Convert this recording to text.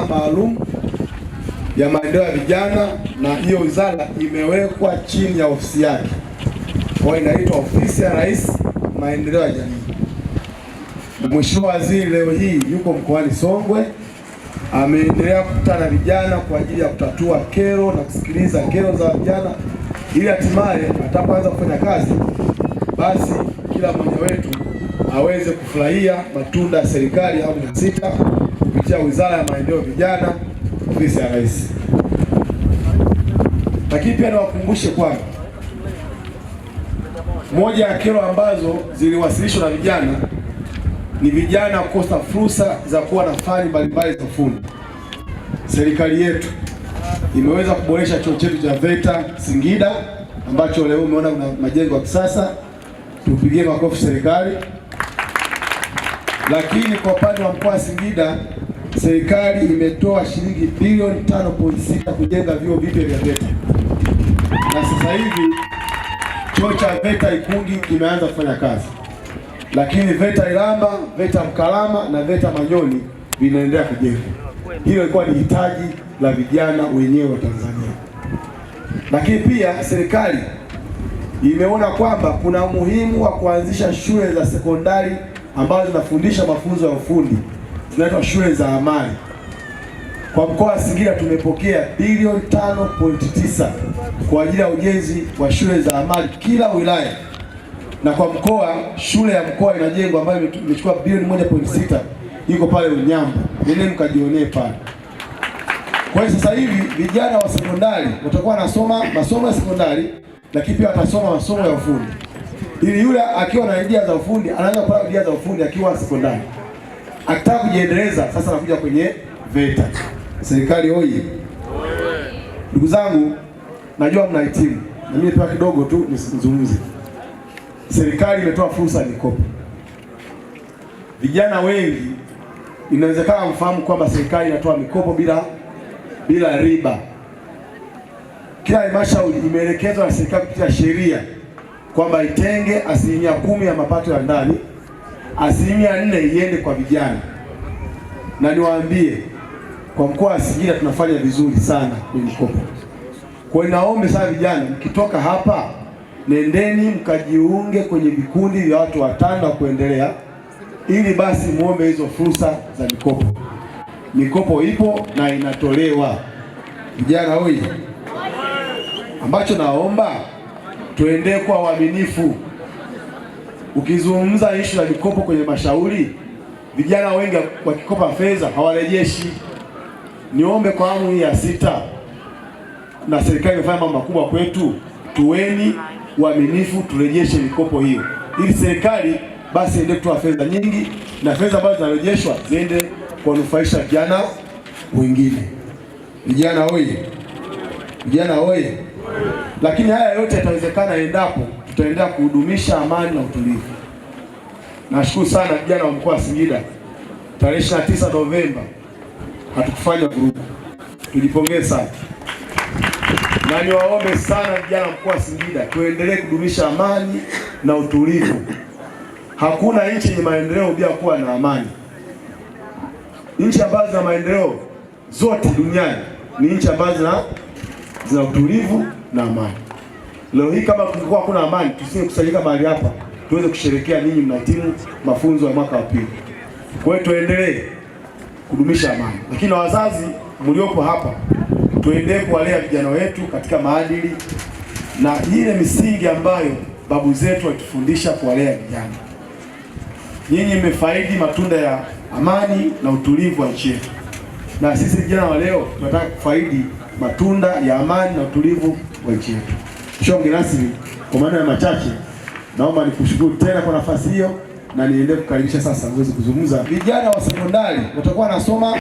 wizara maalum ya maendeleo ya vijana, na hiyo wizara imewekwa chini ya ofisi yake, kwa hiyo inaitwa ofisi ya Rais maendeleo ya jamii. Mheshimiwa Waziri leo hii yuko mkoani Songwe, ameendelea kukutana vijana kwa ajili ya kutatua kero na kusikiliza kero za vijana, ili hatimaye atakapoanza kufanya kazi, basi kila mmoja wetu aweze kufurahia matunda ya serikali ya awamu ya sita kupitia Wizara ya Maendeleo Vijana, Ofisi ya Rais. Lakini pia niwakumbushe kwamba moja ya kero ambazo ziliwasilishwa na vijana ni vijana kukosa fursa za kuwa na fani mbalimbali za ufundi. Serikali yetu imeweza kuboresha chuo chetu cha VETA Singida ambacho leo umeona kuna majengo ya kisasa, tupigie makofi serikali. Lakini kwa upande wa mkoa wa Singida serikali imetoa shilingi bilioni 5.6 kujenga vyuo vipya vya VETA na sasa hivi chuo cha VETA Ikungi kimeanza kufanya kazi, lakini VETA Ilamba, VETA Mkalama na VETA Manyoni vinaendelea kujengwa. Hilo ilikuwa ni hitaji la vijana wenyewe wa Tanzania, lakini pia serikali imeona kwamba kuna umuhimu wa kuanzisha shule za sekondari ambazo zinafundisha mafunzo ya ufundi zinaitwa shule za amali. Kwa mkoa wa Singida tumepokea bilioni 5.9 kwa ajili ya ujenzi wa shule za amali kila wilaya, na kwa mkoa shule ya mkoa inajengwa ambayo imechukua bilioni 1.6 iko pale Unyambo, nene mkajionee pale. Kwa hiyo sasa hivi vijana wa sekondari watakuwa wanasoma masomo ya sekondari, lakini pia watasoma masomo ya ufundi, ili yule akiwa na idea za ufundi anaweza kupata idea za ufundi akiwa sekondari akitaka kujiendeleza sasa anakuja kwenye VETA. Serikali oye! Ndugu zangu, najua mnahitimu na mimi nitoa kidogo tu nizungumze. Serikali imetoa fursa ya mikopo. Vijana wengi inawezekana mfahamu kwamba serikali inatoa mikopo bila bila riba. Kila halmashauri imeelekezwa na serikali kupitia sheria kwamba itenge asilimia kumi ya mapato ya ndani asilimia nne iende kwa vijana, na niwaambie kwa mkoa wa Singida tunafanya vizuri sana kwenye mikopo. Kwa hiyo naombe sana vijana, mkitoka hapa nendeni mkajiunge kwenye vikundi vya watu watano wa kuendelea, ili basi muombe hizo fursa za mikopo. Mikopo ipo na inatolewa. Vijana huyu, ambacho naomba tuendee kwa uaminifu. Ukizungumza ishu la mikopo kwenye mashauri, vijana wengi wakikopa fedha hawarejeshi. Niombe kwa awamu hii ya sita, na serikali imefanya mambo makubwa kwetu, tuweni uaminifu turejeshe mikopo hiyo, ili serikali basi iende kutoa fedha nyingi, na fedha ambazo zinarejeshwa ziende kuwanufaisha vijana wengine. Vijana oye! Vijana oye! Lakini haya yote yatawezekana endapo tutaendelea kuhudumisha amani na utulivu. Nashukuru sana vijana wa mkoa wa Singida, tarehe 29 Novemba hatukufanya vurugu, tujipongeze sana na niwaombe sana vijana wa mkoa wa Singida, tuendelee kudumisha amani na utulivu. Hakuna nchi yenye maendeleo bila kuwa na amani. Nchi ambazo zina maendeleo zote duniani ni nchi ambazo zina utulivu na amani. Leo hii kama kulikuwa hakuna amani, tusingekusanyika mahali hapa tuweze kusherekea ninyi mnatimu mafunzo ya mwaka wa pili. Kwa hiyo tuendelee kudumisha amani, lakini na wazazi mliopo hapa, tuendelee kuwalea vijana wetu katika maadili na ile misingi ambayo babu zetu walitufundisha kuwalea vijana. Nyinyi mmefaidi matunda ya amani na utulivu wa nchi yetu, na sisi vijana wa leo tunataka kufaidi matunda ya amani na utulivu wa nchi yetu. Mheshimiwa mgeni rasmi, kwa maneno ya machache, naomba nikushukuru tena kwa nafasi hiyo na niendelee kukaribisha sasa uweze kuzungumza. Vijana wa sekondari watakuwa wanasoma